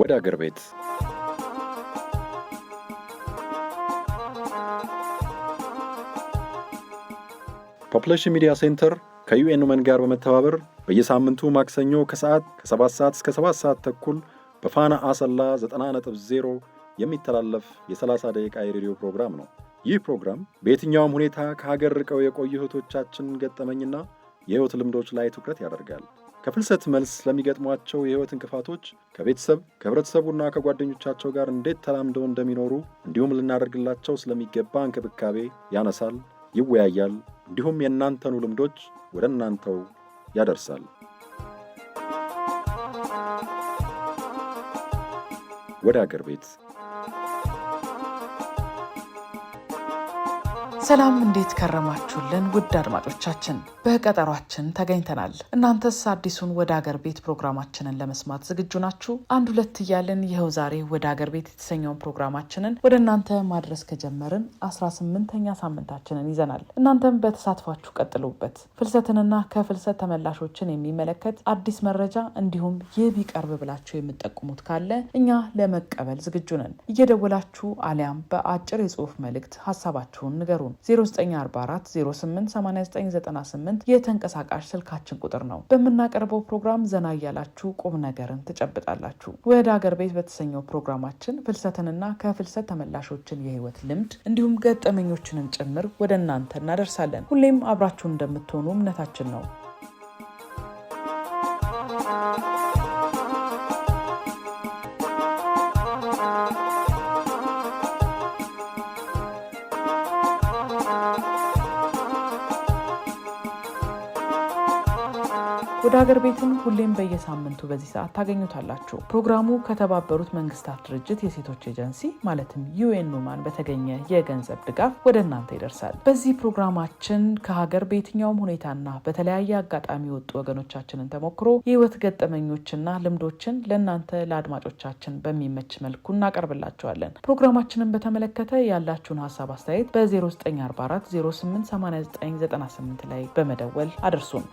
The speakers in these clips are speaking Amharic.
ወደ አገር ቤት ፖፕሌሽን ሚዲያ ሴንተር ከዩኤን ውመን ጋር በመተባበር በየሳምንቱ ማክሰኞ ከሰዓት ከ7 ሰዓት እስከ 7 ሰዓት ተኩል በፋና አሰላ 90.0 የሚተላለፍ የ30 ደቂቃ የሬዲዮ ፕሮግራም ነው። ይህ ፕሮግራም በየትኛውም ሁኔታ ከሀገር ርቀው የቆዩ እህቶቻችን ገጠመኝና የህይወት ልምዶች ላይ ትኩረት ያደርጋል። ከፍልሰት መልስ ለሚገጥሟቸው የህይወት እንቅፋቶች ከቤተሰብ ከህብረተሰቡና ከጓደኞቻቸው ጋር እንዴት ተላምደው እንደሚኖሩ እንዲሁም ልናደርግላቸው ስለሚገባ እንክብካቤ ያነሳል፣ ይወያያል፣ እንዲሁም የእናንተኑ ልምዶች ወደ እናንተው ያደርሳል። ወደ አገር ቤት ሰላም እንዴት ከረማችሁልን? ውድ አድማጮቻችን በቀጠሯችን ተገኝተናል። እናንተስ አዲሱን ወደ አገር ቤት ፕሮግራማችንን ለመስማት ዝግጁ ናችሁ? አንድ ሁለት እያልን ይኸው ዛሬ ወደ አገር ቤት የተሰኘውን ፕሮግራማችንን ወደ እናንተ ማድረስ ከጀመርን 18ኛ ሳምንታችንን ይዘናል። እናንተም በተሳትፏችሁ ቀጥሉበት። ፍልሰትንና ከፍልሰት ተመላሾችን የሚመለከት አዲስ መረጃ እንዲሁም ይህ ቢቀርብ ብላችሁ የምጠቁሙት ካለ እኛ ለመቀበል ዝግጁ ነን። እየደወላችሁ አሊያም በአጭር የጽሁፍ መልእክት ሀሳባችሁን ንገሩን። 0944088998 የተንቀሳቃሽ ስልካችን ቁጥር ነው። በምናቀርበው ፕሮግራም ዘና እያላችሁ ቁም ነገርን ትጨብጣላችሁ። ወደ አገር ቤት በተሰኘው ፕሮግራማችን ፍልሰትንና ከፍልሰት ተመላሾችን የህይወት ልምድ እንዲሁም ገጠመኞችንን ጭምር ወደ እናንተ እናደርሳለን። ሁሌም አብራችሁን እንደምትሆኑ እምነታችን ነው። ወደ ሀገር ቤትም ሁሌም በየሳምንቱ በዚህ ሰዓት ታገኙታላችሁ። ፕሮግራሙ ከተባበሩት መንግስታት ድርጅት የሴቶች ኤጀንሲ ማለትም ዩኤን ውማን በተገኘ የገንዘብ ድጋፍ ወደ እናንተ ይደርሳል። በዚህ ፕሮግራማችን ከሀገር በየትኛውም ሁኔታና በተለያየ አጋጣሚ የወጡ ወገኖቻችንን ተሞክሮ የህይወት ገጠመኞችና ልምዶችን ለእናንተ ለአድማጮቻችን በሚመች መልኩ እናቀርብላቸዋለን። ፕሮግራማችንን በተመለከተ ያላችሁን ሀሳብ አስተያየት በ0944 088998 ላይ በመደወል አድርሱን።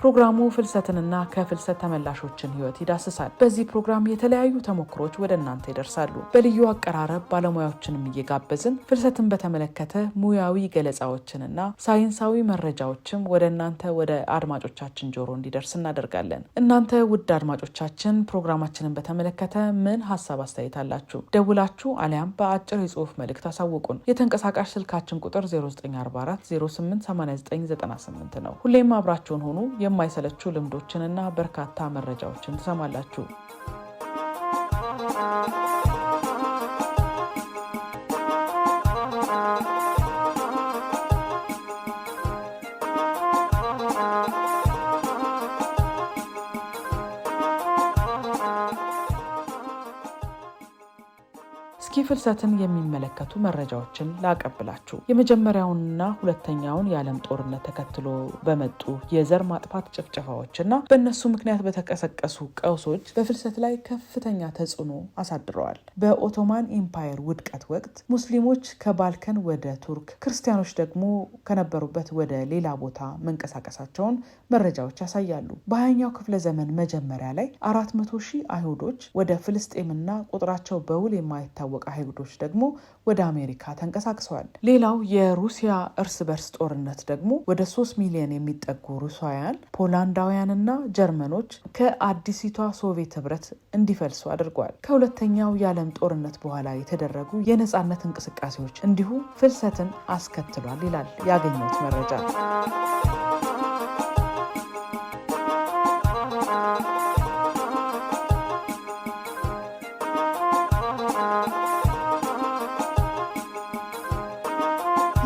ፕሮግራሙ ፍልሰትንና ከፍልሰት ተመላሾችን ሕይወት ይዳስሳል። በዚህ ፕሮግራም የተለያዩ ተሞክሮች ወደ እናንተ ይደርሳሉ። በልዩ አቀራረብ ባለሙያዎችንም እየጋበዝን ፍልሰትን በተመለከተ ሙያዊ ገለጻዎችንና ሳይንሳዊ መረጃዎችም ወደ እናንተ ወደ አድማጮቻችን ጆሮ እንዲደርስ እናደርጋለን። እናንተ ውድ አድማጮቻችን ፕሮግራማችንን በተመለከተ ምን ሀሳብ አስተያየት አላችሁ? ደውላችሁ አሊያም በአጭር የጽሁፍ መልእክት አሳውቁን። የተንቀሳቃሽ ስልካችን ቁጥር 0944 088998 ነው። ሁሌም አብራችሁን ሆኑ። የማይሰለቹ ልምዶችንና በርካታ መረጃዎችን ትሰማላችሁ። ፍልሰትን የሚመለከቱ መረጃዎችን ላቀብላችሁ። የመጀመሪያውንና ሁለተኛውን የዓለም ጦርነት ተከትሎ በመጡ የዘር ማጥፋት ጭፍጨፋዎችና በእነሱ ምክንያት በተቀሰቀሱ ቀውሶች በፍልሰት ላይ ከፍተኛ ተጽዕኖ አሳድረዋል። በኦቶማን ኢምፓየር ውድቀት ወቅት ሙስሊሞች ከባልከን ወደ ቱርክ፣ ክርስቲያኖች ደግሞ ከነበሩበት ወደ ሌላ ቦታ መንቀሳቀሳቸውን መረጃዎች ያሳያሉ። በሀያኛው ክፍለ ዘመን መጀመሪያ ላይ አራት መቶ ሺህ አይሁዶች ወደ ፍልስጤምና ቁጥራቸው በውል የማይታወቅ አይሁዶች ደግሞ ወደ አሜሪካ ተንቀሳቅሰዋል። ሌላው የሩሲያ እርስ በርስ ጦርነት ደግሞ ወደ ሶስት ሚሊዮን የሚጠጉ ሩሳውያን፣ ፖላንዳውያንና ጀርመኖች ከአዲሲቷ ሶቪየት ህብረት እንዲፈልሱ አድርጓል። ከሁለተኛው የዓለም ጦርነት በኋላ የተደረጉ የነፃነት እንቅስቃሴዎች እንዲሁ ፍልሰትን አስከትሏል ይላል ያገኘሁት መረጃ።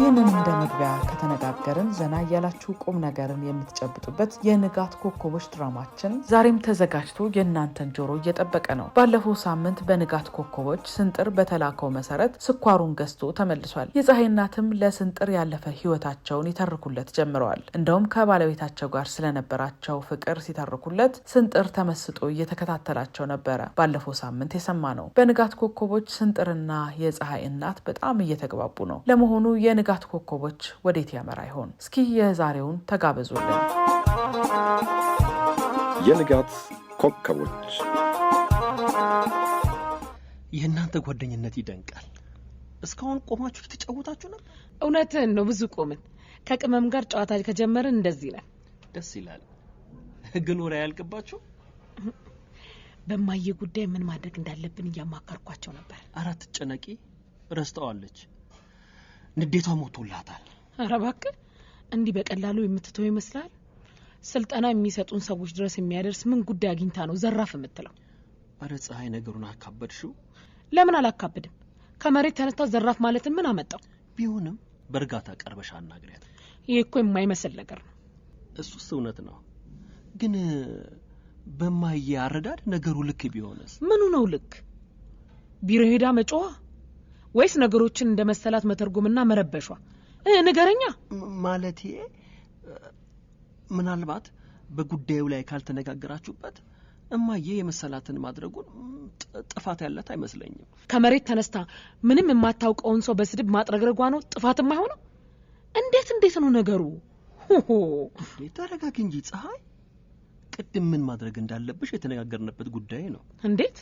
ይህንን እንደ መግቢያ ከተነጋገርን ዘና እያላችሁ ቁም ነገርን የምትጨብጡበት የንጋት ኮከቦች ድራማችን ዛሬም ተዘጋጅቶ የእናንተን ጆሮ እየጠበቀ ነው። ባለፈው ሳምንት በንጋት ኮከቦች ስንጥር በተላከው መሰረት ስኳሩን ገዝቶ ተመልሷል። የፀሐይ እናትም ለስንጥር ያለፈ ህይወታቸውን ይተርኩለት ጀምረዋል። እንደውም ከባለቤታቸው ጋር ስለነበራቸው ፍቅር ሲተርኩለት ስንጥር ተመስጦ እየተከታተላቸው ነበረ። ባለፈው ሳምንት የሰማ ነው። በንጋት ኮከቦች ስንጥርና የፀሐይ እናት በጣም እየተግባቡ ነው። ለመሆኑ የንጋ የትጋት ኮከቦች ወዴት ያመራ ይሆን? እስኪ የዛሬውን ተጋበዙልን። የንጋት ኮከቦች የእናንተ ጓደኝነት ይደንቃል። እስካሁን ቆማችሁ የተጫወታችሁ ነው። እውነትህን ነው። ብዙ ቆምን። ከቅመም ጋር ጨዋታ ከጀመርን እንደዚህ ነን። ደስ ይላል። ግን ወሬ ያልቅባችሁ። በማየ ጉዳይ ምን ማድረግ እንዳለብን እያማከርኳቸው ነበር። አራት ጨነቂ ረስተዋለች ንዴቷ ሞቶላታል። ኧረ እባክህ እንዲህ በቀላሉ የምትተው ይመስላል? ስልጠና የሚሰጡን ሰዎች ድረስ የሚያደርስ ምን ጉዳይ አግኝታ ነው ዘራፍ የምትለው? አረ ፀሐይ፣ ነገሩን አካበድሽው። ለምን አላካብድም? ከመሬት ተነስታ ዘራፍ ማለትን ምን አመጣው? ቢሆንም በእርጋታ ቀርበሽ አናግሪያት። ይህ እኮ የማይመስል ነገር ነው። እሱስ እውነት ነው፣ ግን በማየ አረዳድ ነገሩ ልክ ቢሆንስ? ምኑ ነው ልክ? ቢሮ ሄዳ መጮዋ ወይስ ነገሮችን እንደ መሰላት መተርጎምና መረበሿ? ንገረኛ። ማለቴ ምናልባት በጉዳዩ ላይ ካልተነጋገራችሁበት እማዬ የመሰላትን ማድረጉን ጥፋት ያለት አይመስለኝም። ከመሬት ተነስታ ምንም የማታውቀውን ሰው በስድብ ማጥረግረጓ ነው ጥፋት የማይሆነው? እንዴት እንዴት ነው ነገሩ? ተረጋግ እንጂ ፀሐይ። ቅድም ምን ማድረግ እንዳለብሽ የተነጋገርንበት ጉዳይ ነው። እንዴት?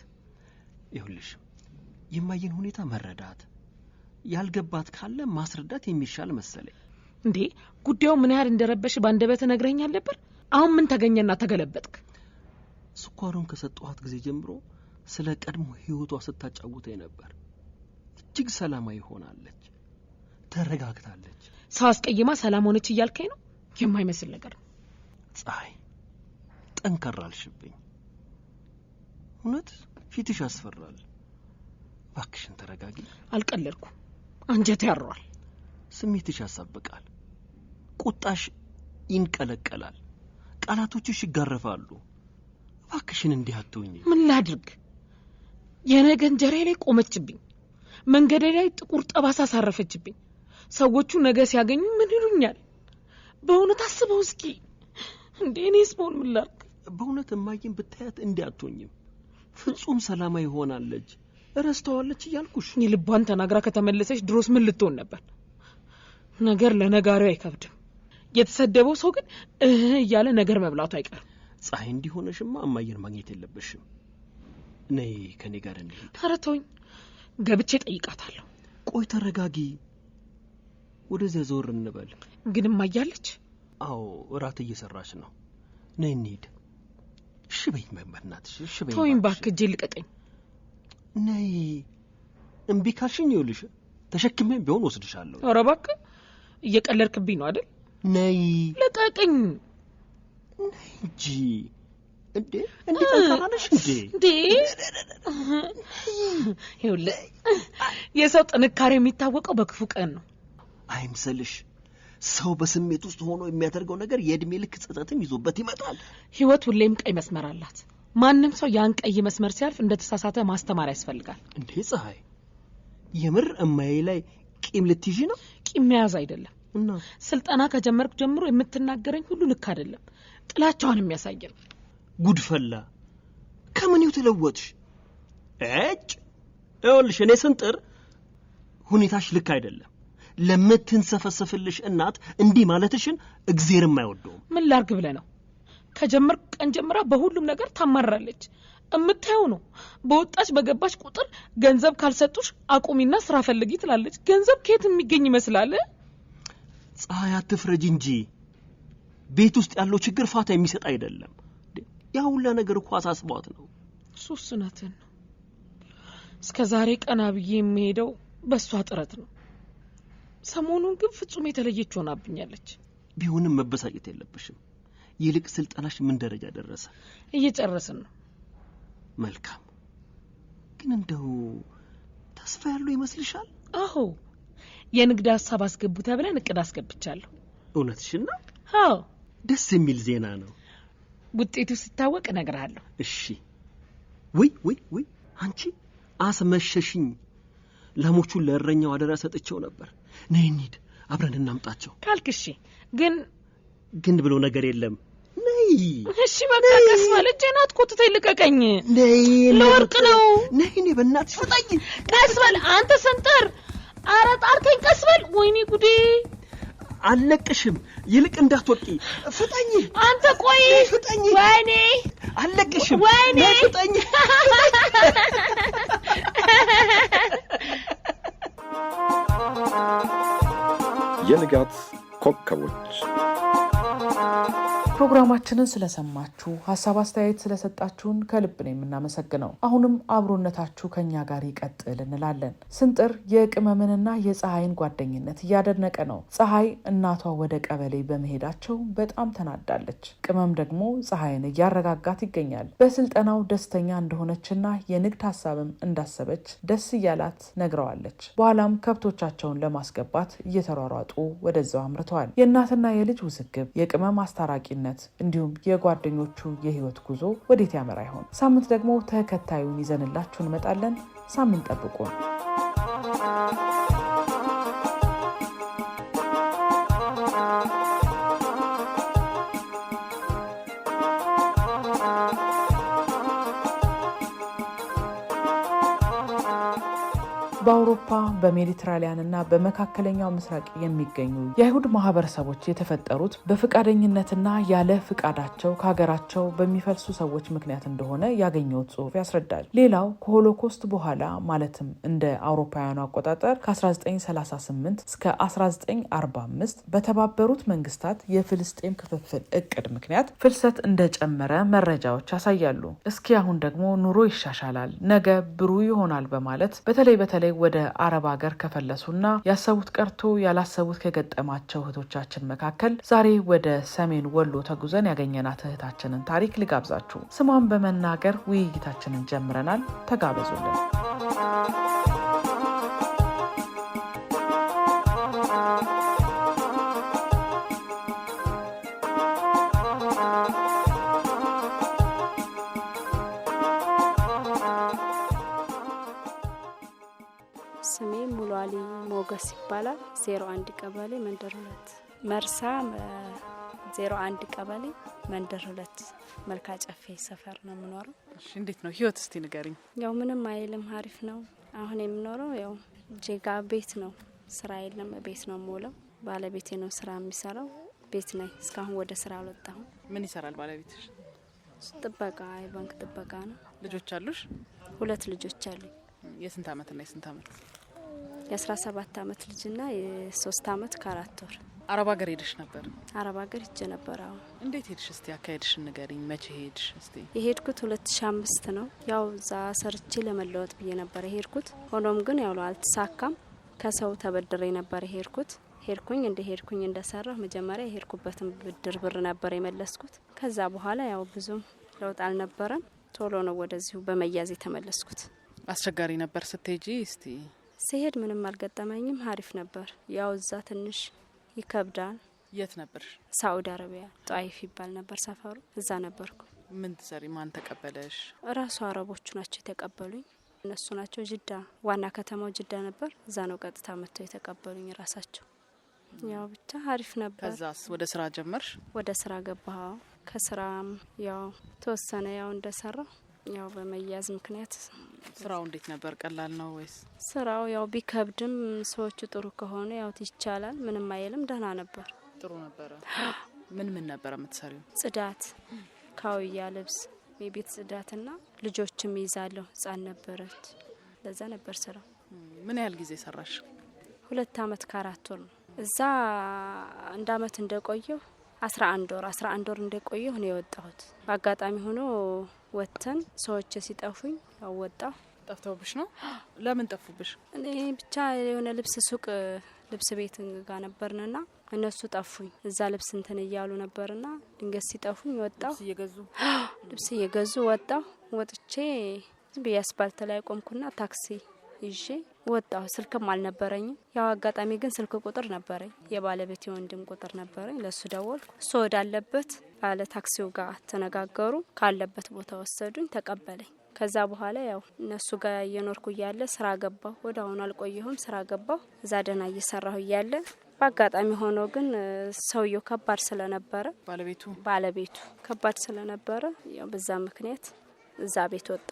ይሁልሽም የማየን ሁኔታ መረዳት፣ ያልገባት ካለ ማስረዳት የሚሻል መሰለኝ። እንዴ ጉዳዩ ምን ያህል እንደረበሽ ባንደበት ነግረኛል ነበር። አሁን ምን ተገኘና ተገለበጥክ? ስኳሩን ከሰጠኋት ጊዜ ጀምሮ ስለ ቀድሞ ህይወቷ ስታጫውተኝ ነበር። እጅግ ሰላማዊ ሆናለች፣ ተረጋግታለች። ሰው አስቀይማ ሰላም ሆነች እያልከኝ ነው? የማይመስል ነገር ነው። ፀሐይ ጠንከር አልሽብኝ። እውነት ፊትሽ ያስፈራል። እባክሽን ተረጋጊ። አልቀለድኩ። አንጀት ያሯል። ስሜትሽ ያሳብቃል። ቁጣሽ ይንቀለቀላል። ቃላቶችሽ ይጋረፋሉ። እባክሽን እንዲህ አትሁኝ። ምን ላድርግ? የነገ እንጀራዬ ላይ ቆመችብኝ። መንገዴ ላይ ጥቁር ጠባሳ አሳረፈችብኝ። ሰዎቹ ነገ ሲያገኙ ምን ይሉኛል? በእውነት አስበው እስኪ። እንዴ እኔስ በሆን ምን ላድርግ? በእውነት እማዬን ብታያት እንዲህ አትሆኝም። ፍጹም ሰላማ ይሆናለች። እረስተዋለች እያልኩሽ እኔ ልቧን ተናግራ ከተመለሰች ድሮስ ምን ልትሆን ነበር? ነገር ለነጋሪው አይከብድም። የተሰደበው ሰው ግን እህ እያለ ነገር መብላቱ አይቀርም። ፀሐይ እንዲሆነሽማ እማየን ማግኘት የለብሽም። ነይ ከኔ ጋር እንሄድ። ኧረ ተውኝ፣ ገብቼ ጠይቃታለሁ። ቆይ ተረጋጊ፣ ወደዚያ ዞር እንበል። ግን እማያለች? አዎ እራት እየሰራች ነው። ነይ እንሂድ። እሺ በይኝ በእናትሽ። እሺ በይኝ። ተውኝ እባክህ፣ እጄን ልቀቀኝ። ነይ እምቢ ካልሽኝ ይኸውልሽ ተሸክሜም ቢሆን ወስድሻለሁ። ኧረ እባክህ እየቀለድክብኝ ነው አይደል? ነይ ለቀቅኝ። ነይ እንጂ እንዴ! እንዴ የሰው ጥንካሬ የሚታወቀው በክፉ ቀን ነው። አይምሰልሽ። ሰው በስሜት ውስጥ ሆኖ የሚያደርገው ነገር የእድሜ ልክ ጸጸትም ይዞበት ይመጣል። ህይወት ሁሌም ቀይ መስመር አላት። ማንም ሰው ያን ቀይ መስመር ሲያልፍ እንደተሳሳተ ማስተማር ያስፈልጋል። እንዴ ፀሐይ፣ የምር እማዬ ላይ ቂም ልትይዥ ነው? ቂም መያዝ አይደለም እና ስልጠና ከጀመርኩ ጀምሮ የምትናገረኝ ሁሉ ልክ አይደለም። ጥላቸዋን የሚያሳይ ነው። ጉድፈላ ከምኔው ተለወጥሽ? እጭ እወልሽ እኔ ስንጥር ሁኔታሽ ልክ አይደለም። ለምትንሰፈሰፍልሽ እናት እንዲህ ማለትሽን እግዜርም አይወደውም። ምን ላርግ ብለህ ነው? ከጀመርኩ ቀን ጀምራ በሁሉም ነገር ታማራለች። እምታየው ነው። በወጣች በገባች ቁጥር ገንዘብ ካልሰጡሽ አቁሚና ስራ ፈልጊ ትላለች። ገንዘብ ከየት የሚገኝ ይመስላል? ፀሐይ አትፍረጅ እንጂ ቤት ውስጥ ያለው ችግር ፋታ የሚሰጥ አይደለም። ያ ሁላ ነገር እኮ አሳስቧት ነው። ሱስነትን ነው። እስከ ዛሬ ቀና ብዬ የሚሄደው በእሷ ጥረት ነው። ሰሞኑን ግን ፍጹም የተለየች ሆናብኛለች። ቢሆንም መበሳጨት የለብሽም። ይልቅ ስልጠናሽ ምን ደረጃ ደረሰ? እየጨረስን ነው። መልካም። ግን እንደው ተስፋ ያለው ይመስልሻል? አዎ፣ የንግድ ሀሳብ አስገቡ ተብለን እቅድ አስገብቻለሁ። እውነትሽ ነው? አዎ። ደስ የሚል ዜና ነው። ውጤቱ ሲታወቅ እነግርሃለሁ። እሺ። ውይ ውይ ውይ! አንቺ አስመሸሽኝ። ላሞቹን ለእረኛው አደራ ሰጥቼው ነበር። ነይ እንሂድ፣ አብረን እናምጣቸው ካልክ እሺ። ግን ግን ብሎ ነገር የለም እሺ በቃ ቀስ በል። እጄን አትኮትተኝ፣ ልቀቀኝ። ለወርቅ ነው። ነይ እኔ በእናትሽ ፈጣኝ። ቀስ በል አንተ ሰንጠር። ኧረ ጣርከኝ፣ ቀስ በል። ወይኔ ጉዴ አለቅሽም ይልቅ እንዳትወቂ ፍጠኝ። አንተ ቆይ፣ ፍጠኝ። ወይኔ አልለቅሽም። ወይኔ ፍጠኝ። የንጋት ኮከቦች ፕሮግራማችንን ስለሰማችሁ ሀሳብ አስተያየት ስለሰጣችሁን ከልብ ነው የምናመሰግነው። አሁንም አብሮነታችሁ ከኛ ጋር ይቀጥል እንላለን። ስንጥር የቅመምንና የፀሐይን ጓደኝነት እያደነቀ ነው። ፀሐይ እናቷ ወደ ቀበሌ በመሄዳቸው በጣም ተናዳለች። ቅመም ደግሞ ፀሐይን እያረጋጋት ይገኛል። በስልጠናው ደስተኛ እንደሆነችና የንግድ ሀሳብም እንዳሰበች ደስ እያላት ነግረዋለች። በኋላም ከብቶቻቸውን ለማስገባት እየተሯሯጡ ወደዛው አምርተዋል። የእናትና የልጅ ውዝግብ የቅመም አስታራቂነት ግንኙነት እንዲሁም የጓደኞቹ የህይወት ጉዞ ወዴት ያመራ ይሆን? ሳምንት ደግሞ ተከታዩን ይዘንላችሁ እንመጣለን። ሳምንት ጠብቁን። በአውሮፓ በሜዲትራሊያን እና በመካከለኛው ምስራቅ የሚገኙ የአይሁድ ማህበረሰቦች የተፈጠሩት በፈቃደኝነትና ያለ ፍቃዳቸው ከሀገራቸው በሚፈልሱ ሰዎች ምክንያት እንደሆነ ያገኘሁት ጽሁፍ ያስረዳል። ሌላው ከሆሎኮስት በኋላ ማለትም እንደ አውሮፓውያኑ አቆጣጠር ከ1938 እስከ 1945 በተባበሩት መንግስታት የፍልስጤም ክፍፍል እቅድ ምክንያት ፍልሰት እንደጨመረ መረጃዎች ያሳያሉ። እስኪ አሁን ደግሞ ኑሮ ይሻሻላል፣ ነገ ብሩህ ይሆናል በማለት በተለይ በተለይ ወደ አረብ ሀገር ከፈለሱና ያሰቡት ቀርቶ ያላሰቡት ከገጠማቸው እህቶቻችን መካከል ዛሬ ወደ ሰሜን ወሎ ተጉዘን ያገኘናት እህታችንን ታሪክ ልጋብዛችሁ። ስሟን በመናገር ውይይታችንን ጀምረናል። ተጋበዙልን። ሞገስ ይባላል። አንድ ቀበሌ መንደር ሁለት መርሳ አንድ ቀበሌ መንደር ሁለት መልካ ጨፌ ሰፈር ነው የምኖረው። እንዴት ነው ህይወት እስቲ ንገሪኝ። ያው ምንም አይልም፣ አሪፍ ነው። አሁን የምኖረው ያው ጄጋ ቤት ነው። ስራ የለም፣ ቤት ነው የምውለው። ባለቤቴ ነው ስራ የሚሰራው፣ ቤት ነኝ። እስካሁን ወደ ስራ አልወጣሁም። ምን ይሰራል ባለቤትሽ? ጥበቃ፣ የባንክ ጥበቃ ነው። ልጆች አሉሽ? ሁለት ልጆች አሉኝ። የስንት አመት የስንት አመት የ17 ዓመት ልጅና የ3 ዓመት ከአራት ወር አረብ ሀገር ሄድሽ ነበር? አረብ ሀገር ሄጄ ነበር። አዎ። እንዴት ሄድሽ? እስቲ አካሄድሽ ንገሪኝ። መቼ ሄድሽ? እስቲ የሄድኩት ሁለት ሺ አምስት ነው። ያው እዛ ሰርቼ ለመለወጥ ብዬ ነበር የሄድኩት። ሆኖም ግን ያው አልተሳካም። ከሰው ተበድሬ ነበር የሄድኩት። ሄድኩኝ እንደ ሄድኩኝ እንደሰራሁ መጀመሪያ የሄድኩበትን ብድር ብር ነበር የመለስኩት። ከዛ በኋላ ያው ብዙም ለውጥ አልነበረም። ቶሎ ነው ወደዚሁ በመያዝ የተመለስኩት። አስቸጋሪ ነበር ስትሄጂ? እስቲ ስሄድ ምንም አልገጠመኝም። አሪፍ ነበር። ያው እዛ ትንሽ ይከብዳል። የት ነበር? ሳኡዲ አረቢያ ጧይፍ ይባል ነበር ሰፈሩ። እዛ ነበርኩ። ምን ትሰሪ? ማን ተቀበለሽ? እራሱ አረቦቹ ናቸው የተቀበሉኝ። እነሱ ናቸው። ጅዳ ዋና ከተማው ጅዳ ነበር። እዛ ነው ቀጥታ መጥተው የተቀበሉኝ ራሳቸው። ያው ብቻ አሪፍ ነበር። ከዛስ ወደ ስራ ጀመርሽ? ወደ ስራ ገባሁ። ከስራም ያው ተወሰነ ያው እንደሰራው ያው በመያዝ ምክንያት ስራው እንዴት ነበር? ቀላል ነው ወይስ? ስራው ያው ቢከብድም ሰዎቹ ጥሩ ከሆኑ ያው ይቻላል፣ ምንም አይልም። ደህና ነበር፣ ጥሩ ነበረ። ምን ምን ነበረ የምትሰሪው? ጽዳት፣ ካውያ ልብስ፣ የቤት ጽዳትና ልጆችም ይዛለሁ። ህጻን ነበረች፣ ለዛ ነበር ስራው። ምን ያህል ጊዜ ሰራሽ? ሁለት አመት ከአራት ወር ነው። እዛ አንድ አመት እንደቆየው አስራ አንድ ወር አስራ አንድ ወር እንደቆየ ነው የወጣሁት። በአጋጣሚ ሆኖ ወጥተን ሰዎች ሲጠፉኝ አወጣሁ። ጠፍተውብሽ ነው? ለምን ጠፉብሽ? እኔ ብቻ የሆነ ልብስ ሱቅ ልብስ ቤት ጋር ነበርንና እነሱ ጠፉኝ። እዛ ልብስ እንትን እያሉ ነበርና ድንገት ሲጠፉኝ ወጣሁ። ልብስ እየገዙ ወጣሁ። ወጥቼ ዝም ብዬ አስፓልት ላይ ቆምኩና ታክሲ ይዤ ወጣሁ። ስልክም አልነበረኝም። ያው አጋጣሚ ግን ስልክ ቁጥር ነበረኝ፣ የባለቤት የወንድም ቁጥር ነበረኝ። ለእሱ ደወልኩ። እሱ ወዳለበት ባለ ታክሲው ጋር ተነጋገሩ። ካለበት ቦታ ወሰዱኝ፣ ተቀበለኝ። ከዛ በኋላ ያው እነሱ ጋር እየኖርኩ እያለ ስራ ገባሁ። ወደ አሁኑ አልቆየሁም፣ ስራ ገባሁ። እዛ ደህና እየሰራሁ እያለ በአጋጣሚ ሆኖ ግን ሰውየው ከባድ ስለነበረ ባለቤቱ ባለቤቱ ከባድ ስለነበረ ያው በዛ ምክንያት እዛ ቤት ወጣ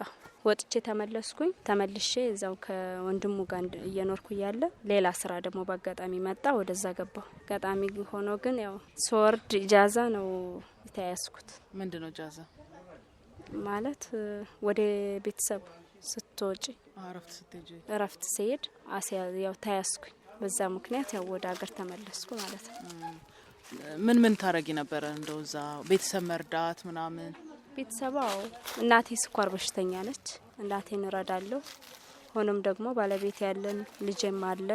ወጥቼ ተመለስኩኝ። ተመልሼ እዛው ከወንድሙ ጋር እየኖርኩ እያለ ሌላ ስራ ደግሞ በአጋጣሚ መጣ፣ ወደዛ ገባው። አጋጣሚ ሆኖ ግን ያው ስወርድ ጃዛ ነው የተያያዝኩት። ምንድን ነው ጃዛ ማለት? ወደ ቤተሰብ ስትወጪ እረፍት ስሄድ ያው ተያዝኩኝ። በዛ ምክንያት ያው ወደ ሀገር ተመለስኩ ማለት ነው። ምን ምን ታረጊ ነበረ? እንደው እዛ ቤተሰብ መርዳት ምናምን ቤተሰባ እናቴ ስኳር በሽተኛ ነች። እናቴን እረዳለሁ። ሆኖም ደግሞ ባለቤት ያለን ልጅም አለ።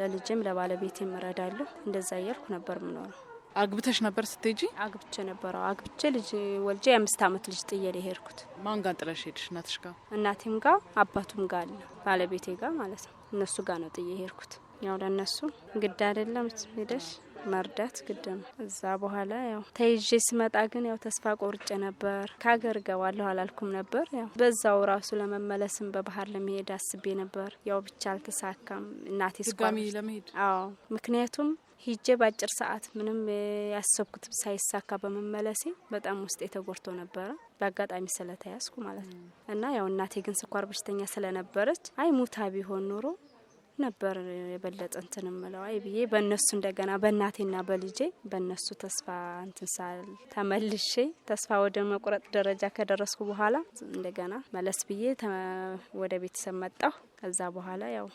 ለልጅም ለባለቤቴም እረዳለሁ። እንደዛ እያልኩ ነበር ምኖረው። አግብተሽ ነበር ስትጂ አግብቼ ነበረው። አግብቼ ልጅ ወልጄ የአምስት አመት ልጅ ጥዬ ሄድኩት የሄድኩት። ማን ጋር ጥለሽ ሄድሽ? እናትሽ ጋር? እናቴም ጋር አባቱም ጋር አለ ባለቤቴ ጋር ማለት ነው። እነሱ ጋር ነው ጥዬ ሄድኩት ያው ለእነሱ ግድ አይደለም ሄደሽ መርዳት ግድ ነው። እዛ በኋላ ያው ተይዤ ስመጣ ግን ያው ተስፋ ቆርጬ ነበር። ከሀገር እገባለሁ አላልኩም ነበር። ያው በዛው ራሱ ለመመለስም በባህር ለመሄድ አስቤ ነበር። ያው ብቻ አልተሳካም። እናቴ ድጋሚ ለመሄድ አዎ፣ ምክንያቱም ሂጄ በአጭር ሰዓት ምንም ያሰብኩት ሳይሳካ በመመለሴ በጣም ውስጤ ተጎድቶ ነበረ። በአጋጣሚ ስለተያዝኩ ማለት ነው። እና ያው እናቴ ግን ስኳር በሽተኛ ስለነበረች አይ ሙታ ቢሆን ኑሮ። ነበር የበለጠ እንትን ምለው አይ ብዬ በእነሱ እንደገና በእናቴና በልጄ በእነሱ ተስፋ እንትን ሳል ተመልሼ ተስፋ ወደ መቁረጥ ደረጃ ከደረስኩ በኋላ እንደገና መለስ ብዬ ወደ ቤተሰብ መጣሁ። ከዛ በኋላ ያው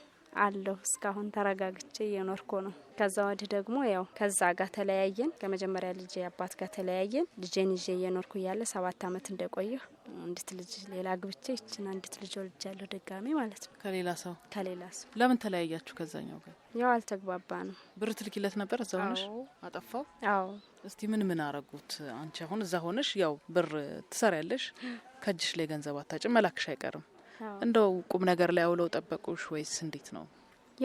አለሁ። እስካሁን ተረጋግቼ እየኖርኩ ነው። ከዛ ወዲህ ደግሞ ያው ከዛ ጋር ተለያየን። ከመጀመሪያ ልጅ አባት ጋር ተለያየን። ልጄን ይዤ እየኖርኩ እያለ ሰባት አመት እንደቆየሁ አንዲት ልጅ ሌላ ግብቼ ይችን አንዲት ልጅ ወልጃለሁ። ድጋሜ ማለት ነው ከሌላ ሰው ከሌላ ሰው። ለምን ተለያያችሁ ከዛኛው ጋር? ያው አልተግባባ ነው። ብር ትልኪለት ነበር እዛ ሆነሽ? አጠፋው። አዎ። እስቲ ምን ምን አረጉት? አንቺ አሁን እዛ ሆነሽ ያው ብር ትሰሪያለሽ፣ ከእጅሽ ላይ ገንዘብ አታጭም፣ መላክሽ አይቀርም እንደው ቁም ነገር ላይ አውለው ጠበቁሽ ወይስ እንዴት ነው?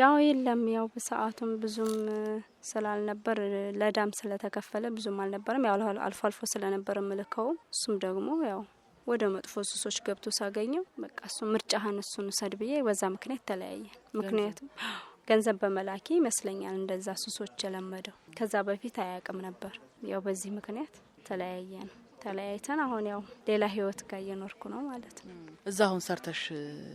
ያው የለም ያው በሰዓቱም ብዙም ስላልነበር ለዳም ስለተከፈለ ብዙም አልነበረም። ያው አልፎ አልፎ ስለነበር ምልከው እሱም ደግሞ ያው ወደ መጥፎ ሱሶች ገብቶ ሳገኘው በቃ እሱ ምርጫህን እሱን ውሰድ ብዬ በዛ ምክንያት ተለያየ። ምክንያቱም ገንዘብ በመላኪ ይመስለኛል እንደዛ ሱሶች የለመደው ከዛ በፊት አያውቅም ነበር። ያው በዚህ ምክንያት ተለያየ ነው። ተለያይተን አሁን ያው ሌላ ህይወት ጋር እየኖርኩ ነው ማለት ነው። እዛ አሁን ሰርተሽ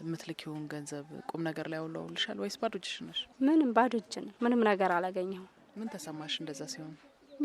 የምትልኪውን ገንዘብ ቁም ነገር ላይ ያውለውልሻል ወይስ ባዶ እጅሽ ነሽ? ምንም ባዶ እጅ ነው። ምንም ነገር አላገኘሁም። ምን ተሰማሽ እንደዛ ሲሆን?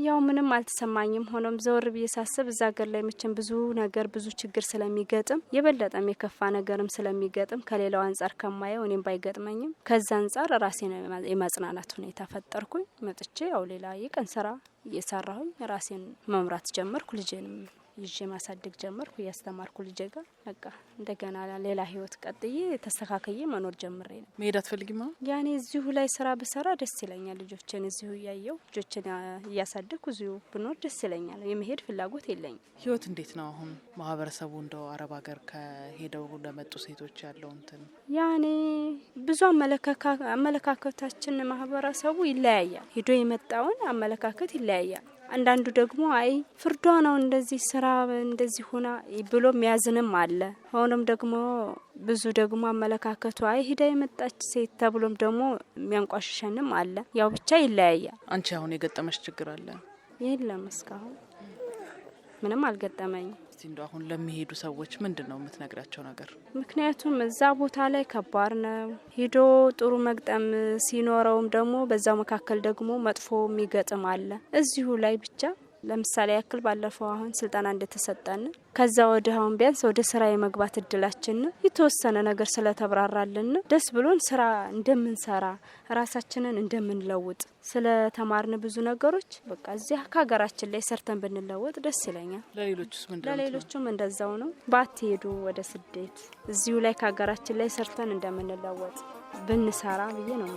ያው ምንም አልተሰማኝም። ሆኖም ዘወር ብዬ ሳስብ እዛ ሀገር ላይ መቼም ብዙ ነገር ብዙ ችግር ስለሚገጥም የበለጠም የከፋ ነገርም ስለሚገጥም ከሌላው አንጻር ከማየው እኔም ባይገጥመኝም ከዛ አንጻር ራሴን የማጽናናት ሁኔታ ፈጠርኩኝ። መጥቼ ያው ሌላ የቀን ስራ እየሰራሁኝ ራሴን መምራት ጀመርኩ ልጄንም ይዤ ማሳደግ ጀመርኩ። እያስተማርኩ ልጄ ጋር በቃ እንደገና ሌላ ህይወት ቀጥዬ ተስተካከዬ መኖር ጀምሬ ነው። መሄድ አትፈልጊም? ያኔ እዚሁ ላይ ስራ ብሰራ ደስ ይለኛል። ልጆችን እዚሁ እያየው ልጆችን እያሳደግኩ እዚሁ ብኖር ደስ ይለኛል። የመሄድ ፍላጎት የለኝም። ህይወት እንዴት ነው አሁን? ማህበረሰቡ እንደው አረብ ሀገር ከሄደው ለመጡ ሴቶች ያለው እንትን ያኔ ብዙ አመለካከታችን ማህበረሰቡ ይለያያል። ሄዶ የመጣውን አመለካከት ይለያያል። አንዳንዱ ደግሞ አይ ፍርዷ ነው እንደዚህ ስራ እንደዚህ ሆና ብሎ የሚያዝንም አለ። ሆኖም ደግሞ ብዙ ደግሞ አመለካከቱ አይ ሂዳ የመጣች ሴት ተብሎም ደግሞ የሚያንቋሽሸንም አለ። ያው ብቻ ይለያያል። አንቺ አሁን የገጠመች ችግር አለ? የለም እስካሁን ምንም አልገጠመኝም። እስቲ እንደ አሁን ለሚሄዱ ሰዎች ምንድን ነው የምትነግራቸው ነገር? ምክንያቱም እዛ ቦታ ላይ ከባድ ነው ሂዶ ጥሩ መግጠም ሲኖረውም ደግሞ በዛው መካከል ደግሞ መጥፎ የሚገጥም አለ። እዚሁ ላይ ብቻ ለምሳሌ ያክል ባለፈው አሁን ስልጠና እንደተሰጠን ከዛ ወደ አሁን ቢያንስ ወደ ስራ የመግባት እድላችን የተወሰነ ነገር ስለተብራራልን ደስ ብሎን ስራ እንደምንሰራ ራሳችንን እንደምንለውጥ ስለተማርን ብዙ ነገሮች በቃ እዚያ ከሀገራችን ላይ ሰርተን ብንለወጥ ደስ ይለኛል። ለሌሎቹም እንደዛው ነው። ባትሄዱ ወደ ስደት እዚሁ ላይ ከሀገራችን ላይ ሰርተን እንደምንለወጥ ብንሰራ ብዬ ነው።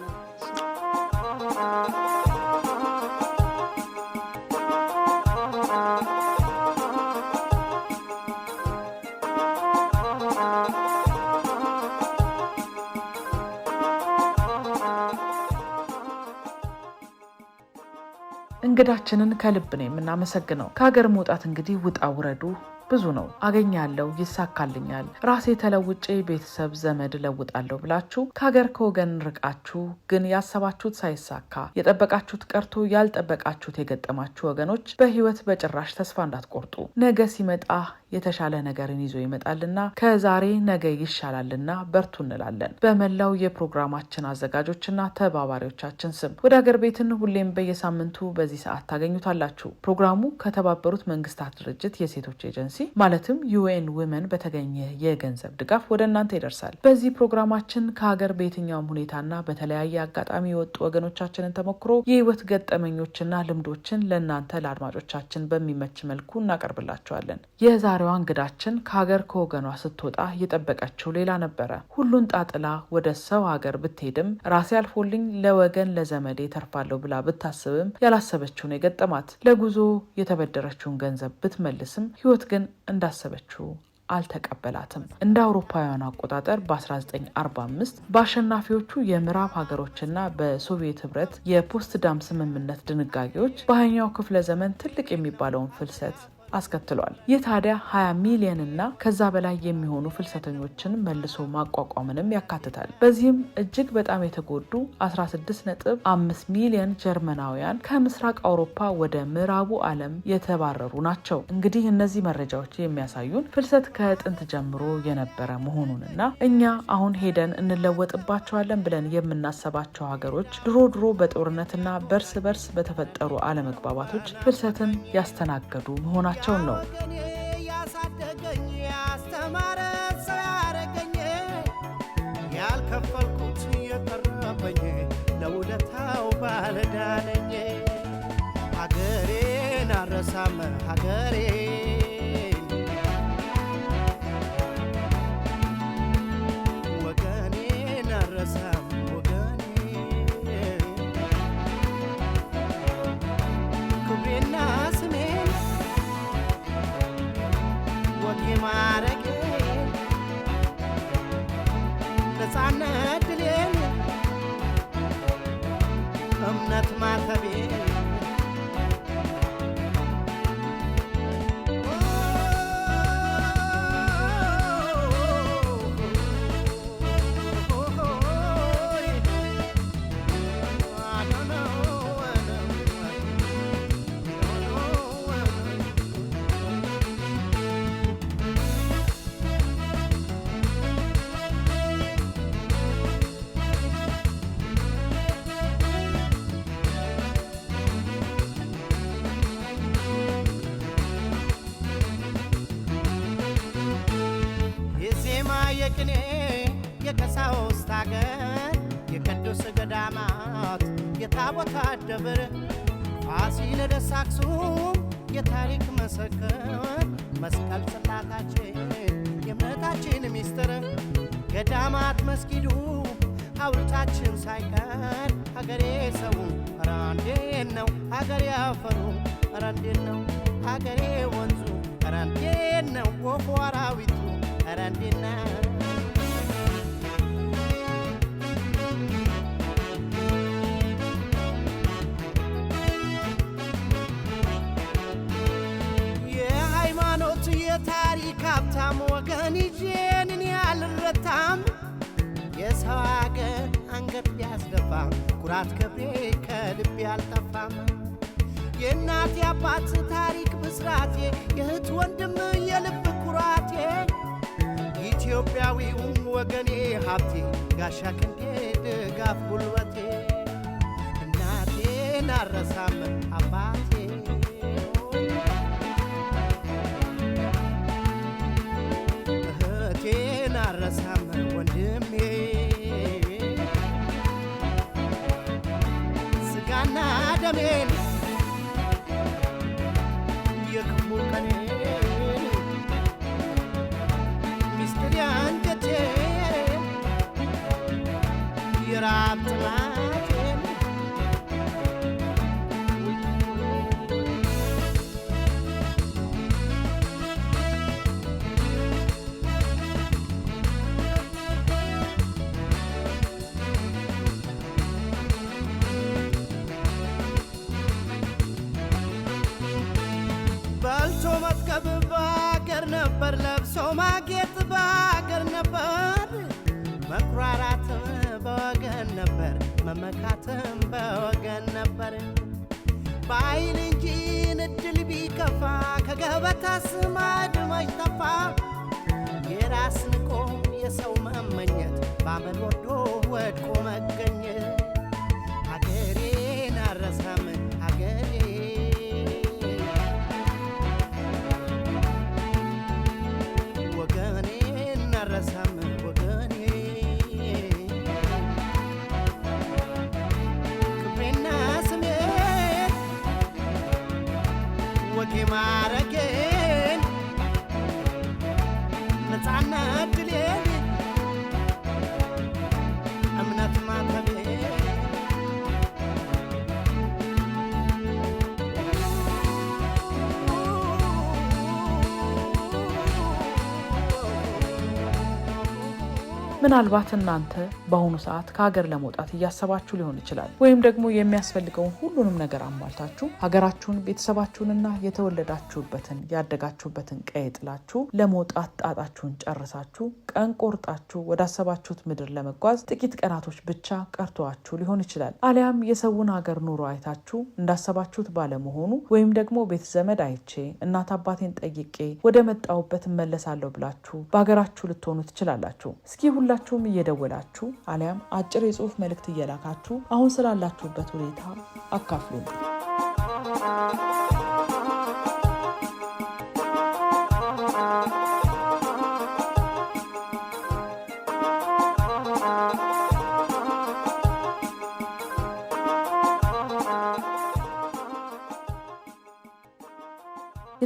እንግዳችንን ከልብ ነው የምናመሰግነው። ከሀገር መውጣት እንግዲህ ውጣ ውረዱ ብዙ ነው። አገኛለሁ፣ ይሳካልኛል፣ ራሴ ተለውጬ ቤተሰብ ዘመድ እለውጣለሁ ብላችሁ ከሀገር ከወገን ርቃችሁ ግን ያሰባችሁት ሳይሳካ የጠበቃችሁት ቀርቶ ያልጠበቃችሁት የገጠማችሁ ወገኖች በህይወት በጭራሽ ተስፋ እንዳትቆርጡ። ነገ ሲመጣ የተሻለ ነገርን ይዞ ይመጣልና ከዛሬ ነገ ይሻላልና በርቱ እንላለን። በመላው የፕሮግራማችን አዘጋጆችና ተባባሪዎቻችን ስም ወደ አገር ቤትን ሁሌም በየሳምንቱ በዚህ ሰዓት ታገኙታላችሁ። ፕሮግራሙ ከተባበሩት መንግስታት ድርጅት የሴቶች ኤጀንሲ ማለትም ዩኤን ውመን በተገኘ የገንዘብ ድጋፍ ወደ እናንተ ይደርሳል። በዚህ ፕሮግራማችን ከሀገር በየትኛውም ሁኔታና በተለያየ አጋጣሚ የወጡ ወገኖቻችንን ተሞክሮ የህይወት ገጠመኞችና ልምዶችን ለእናንተ ለአድማጮቻችን በሚመች መልኩ እናቀርብላችኋለን። የዛሬዋ እንግዳችን ከሀገር ከወገኗ ስትወጣ እየጠበቀችው ሌላ ነበረ። ሁሉን ጣጥላ ወደ ሰው ሀገር ብትሄድም ራሴ አልፎልኝ ለወገን ለዘመዴ ተርፋለሁ ብላ ብታስብም ያላሰበችውን የገጠማት ለጉዞ የተበደረችውን ገንዘብ ብትመልስም ህይወት ግን እንዳሰበችው አልተቀበላትም። እንደ አውሮፓውያኑ አቆጣጠር በ1945 በአሸናፊዎቹ የምዕራብ ሀገሮችና በሶቪየት ህብረት የፖስትዳም ስምምነት ድንጋጌዎች በሀያኛው ክፍለ ዘመን ትልቅ የሚባለውን ፍልሰት አስከትሏል። ይህ ታዲያ 20 ሚሊየን እና ከዛ በላይ የሚሆኑ ፍልሰተኞችን መልሶ ማቋቋምንም ያካትታል። በዚህም እጅግ በጣም የተጎዱ 16.5 ሚሊየን ጀርመናውያን ከምስራቅ አውሮፓ ወደ ምዕራቡ ዓለም የተባረሩ ናቸው። እንግዲህ እነዚህ መረጃዎች የሚያሳዩን ፍልሰት ከጥንት ጀምሮ የነበረ እና እኛ አሁን ሄደን እንለወጥባቸዋለን ብለን የምናሰባቸው ሀገሮች ድሮ ድሮ በጦርነትና በእርስ በርስ በተፈጠሩ አለመግባባቶች ፍልሰትን ያስተናገዱ መሆናቸው nocturnal ደብር ፋሲለደስ አክሱም የታሪክ መሰከር መስቀል ጽላታችን የእምነታችን ሚስጥር ገዳማት መስጊዱ ሐውልታችን ሳይቀር ሀገሬ ሰው ኧረ ነው ሀገሬ አፈሩ ኧረ ነው ሀገሬ ወንዙ ኧረ ነው ወፎ አራዊቱ ኧረ ነው ተዋገር አንገት ቢያስደፋ ኩራት ክብሬ ከልቤ አልጠፋም። የእናት አባት ታሪክ ብስራቴ የእህት ወንድም የልብ ኩራቴ ኢትዮጵያዊውም ወገኔ ሀብቴ ጋሻ ክንዴ ድጋፍ ጉልበቴ እናቴን አረሳም አባቴ ለሜን በአይን እንጂ እድል ቢከፋ ከገበታ ስማ አድማጭ ጠፋ የራስ ንቆም የሰው መመኘት ባመኖር ምናልባት እናንተ በአሁኑ ሰዓት ከሀገር ለመውጣት እያሰባችሁ ሊሆን ይችላል። ወይም ደግሞ የሚያስፈልገውን ሁሉንም ነገር አሟልታችሁ ሀገራችሁን፣ ቤተሰባችሁንና የተወለዳችሁበትን ያደጋችሁበትን ቀይ ጥላችሁ ለመውጣት ጣጣችሁን ጨርሳችሁ ቀን ቆርጣችሁ ወዳሰባችሁት ምድር ለመጓዝ ጥቂት ቀናቶች ብቻ ቀርተዋችሁ ሊሆን ይችላል። አሊያም የሰውን ሀገር ኑሮ አይታችሁ እንዳሰባችሁት ባለመሆኑ ወይም ደግሞ ቤት ዘመድ አይቼ እናት አባቴን ጠይቄ ወደ መጣሁበት እመለሳለሁ ብላችሁ በሀገራችሁ ልትሆኑ ትችላላችሁ። እስኪ ሁላችሁም እየደወላችሁ አሊያም አጭር የጽሁፍ መልእክት እየላካችሁ አሁን ስላላችሁበት ሁኔታ አካፍሉን።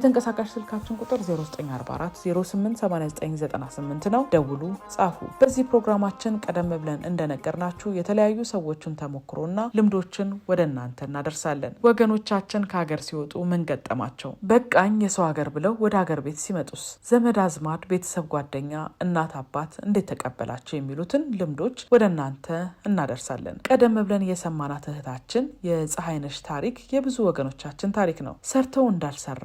የተንቀሳቃሽ ስልካችን ቁጥር 0944 ነው። ደውሉ፣ ጻፉ። በዚህ ፕሮግራማችን ቀደም ብለን እንደነገርናችሁ የተለያዩ ሰዎችን ተሞክሮና ልምዶችን ወደ እናንተ እናደርሳለን። ወገኖቻችን ከሀገር ሲወጡ ምን ገጠማቸው? በቃኝ የሰው ሀገር ብለው ወደ ሀገር ቤት ሲመጡስ ዘመድ አዝማድ፣ ቤተሰብ፣ ጓደኛ፣ እናት አባት እንዴት ተቀበላቸው? የሚሉትን ልምዶች ወደ እናንተ እናደርሳለን። ቀደም ብለን የሰማናት እህታችን የፀሐይነሽ ታሪክ የብዙ ወገኖቻችን ታሪክ ነው። ሰርተው እንዳልሰራ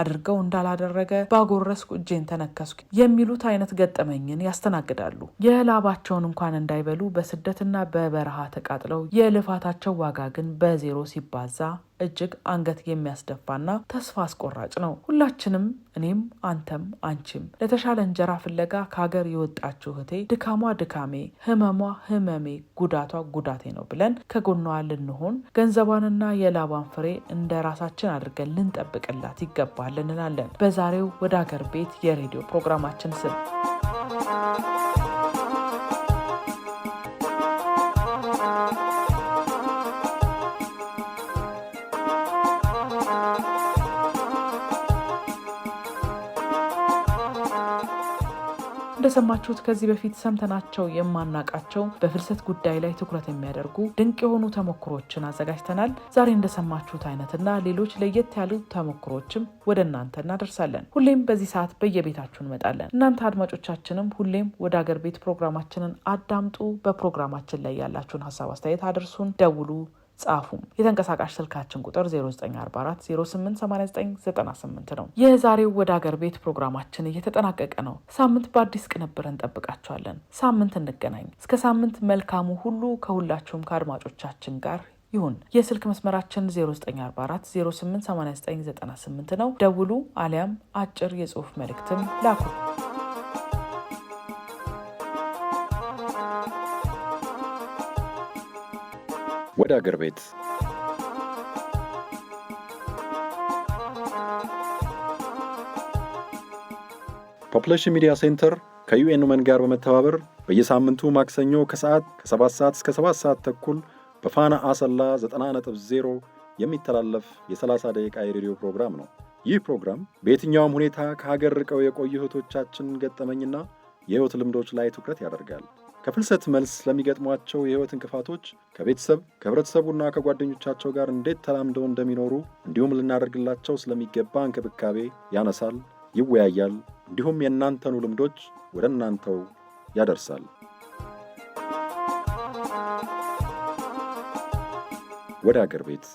አድርገው እንዳላደረገ ባጎረስኩ እጄን ተነከስኩ የሚሉት አይነት ገጠመኝን ያስተናግዳሉ። የላባቸውን እንኳን እንዳይበሉ በስደትና በበረሃ ተቃጥለው የልፋታቸው ዋጋ ግን በዜሮ ሲባዛ እጅግ አንገት የሚያስደፋና ተስፋ አስቆራጭ ነው። ሁላችንም እኔም፣ አንተም፣ አንቺም ለተሻለ እንጀራ ፍለጋ ከሀገር የወጣችው እህቴ ድካሟ ድካሜ፣ ህመሟ ህመሜ፣ ጉዳቷ ጉዳቴ ነው ብለን ከጎኗ ልንሆን ገንዘቧንና የላቧን ፍሬ እንደ ራሳችን አድርገን ልንጠብቅላት ይገባል እንላለን። በዛሬው ወደ ሀገር ቤት የሬዲዮ ፕሮግራማችን ስም እንደሰማችሁት ከዚህ በፊት ሰምተናቸው የማናቃቸው በፍልሰት ጉዳይ ላይ ትኩረት የሚያደርጉ ድንቅ የሆኑ ተሞክሮችን አዘጋጅተናል። ዛሬ እንደሰማችሁት አይነትና ሌሎች ለየት ያሉ ተሞክሮችም ወደ እናንተ እናደርሳለን። ሁሌም በዚህ ሰዓት በየቤታችሁ እንመጣለን። እናንተ አድማጮቻችንም ሁሌም ወደ አገር ቤት ፕሮግራማችንን አዳምጡ። በፕሮግራማችን ላይ ያላችሁን ሀሳብ አስተያየት አድርሱን፣ ደውሉ ጻፉም። የተንቀሳቃሽ ስልካችን ቁጥር 0944088998 ነው። የዛሬው ወደ አገር ቤት ፕሮግራማችን እየተጠናቀቀ ነው። ሳምንት በአዲስ ቅንብር እንጠብቃቸዋለን። ሳምንት እንገናኝ። እስከ ሳምንት መልካሙ ሁሉ ከሁላችሁም ከአድማጮቻችን ጋር ይሁን። የስልክ መስመራችን 0944 088998 ነው። ደውሉ አሊያም አጭር የጽሑፍ መልእክትም ላኩ። ወደ አገር ቤት ፖፕሌሽን ሚዲያ ሴንተር ከዩኤን ውመን ጋር በመተባበር በየሳምንቱ ማክሰኞ ከሰዓት ከ7 ሰዓት እስከ 7 ሰዓት ተኩል በፋና አሰላ 90.0 የሚተላለፍ የ30 ደቂቃ የሬዲዮ ፕሮግራም ነው። ይህ ፕሮግራም በየትኛውም ሁኔታ ከሀገር ርቀው የቆዩ እህቶቻችን ገጠመኝና የህይወት ልምዶች ላይ ትኩረት ያደርጋል። ከፍልሰት መልስ ለሚገጥሟቸው የህይወት እንቅፋቶች ከቤተሰብ ከህብረተሰቡና ከጓደኞቻቸው ጋር እንዴት ተላምደው እንደሚኖሩ እንዲሁም ልናደርግላቸው ስለሚገባ እንክብካቤ ያነሳል፣ ይወያያል፣ እንዲሁም የእናንተኑ ልምዶች ወደ እናንተው ያደርሳል። ወደ አገር ቤት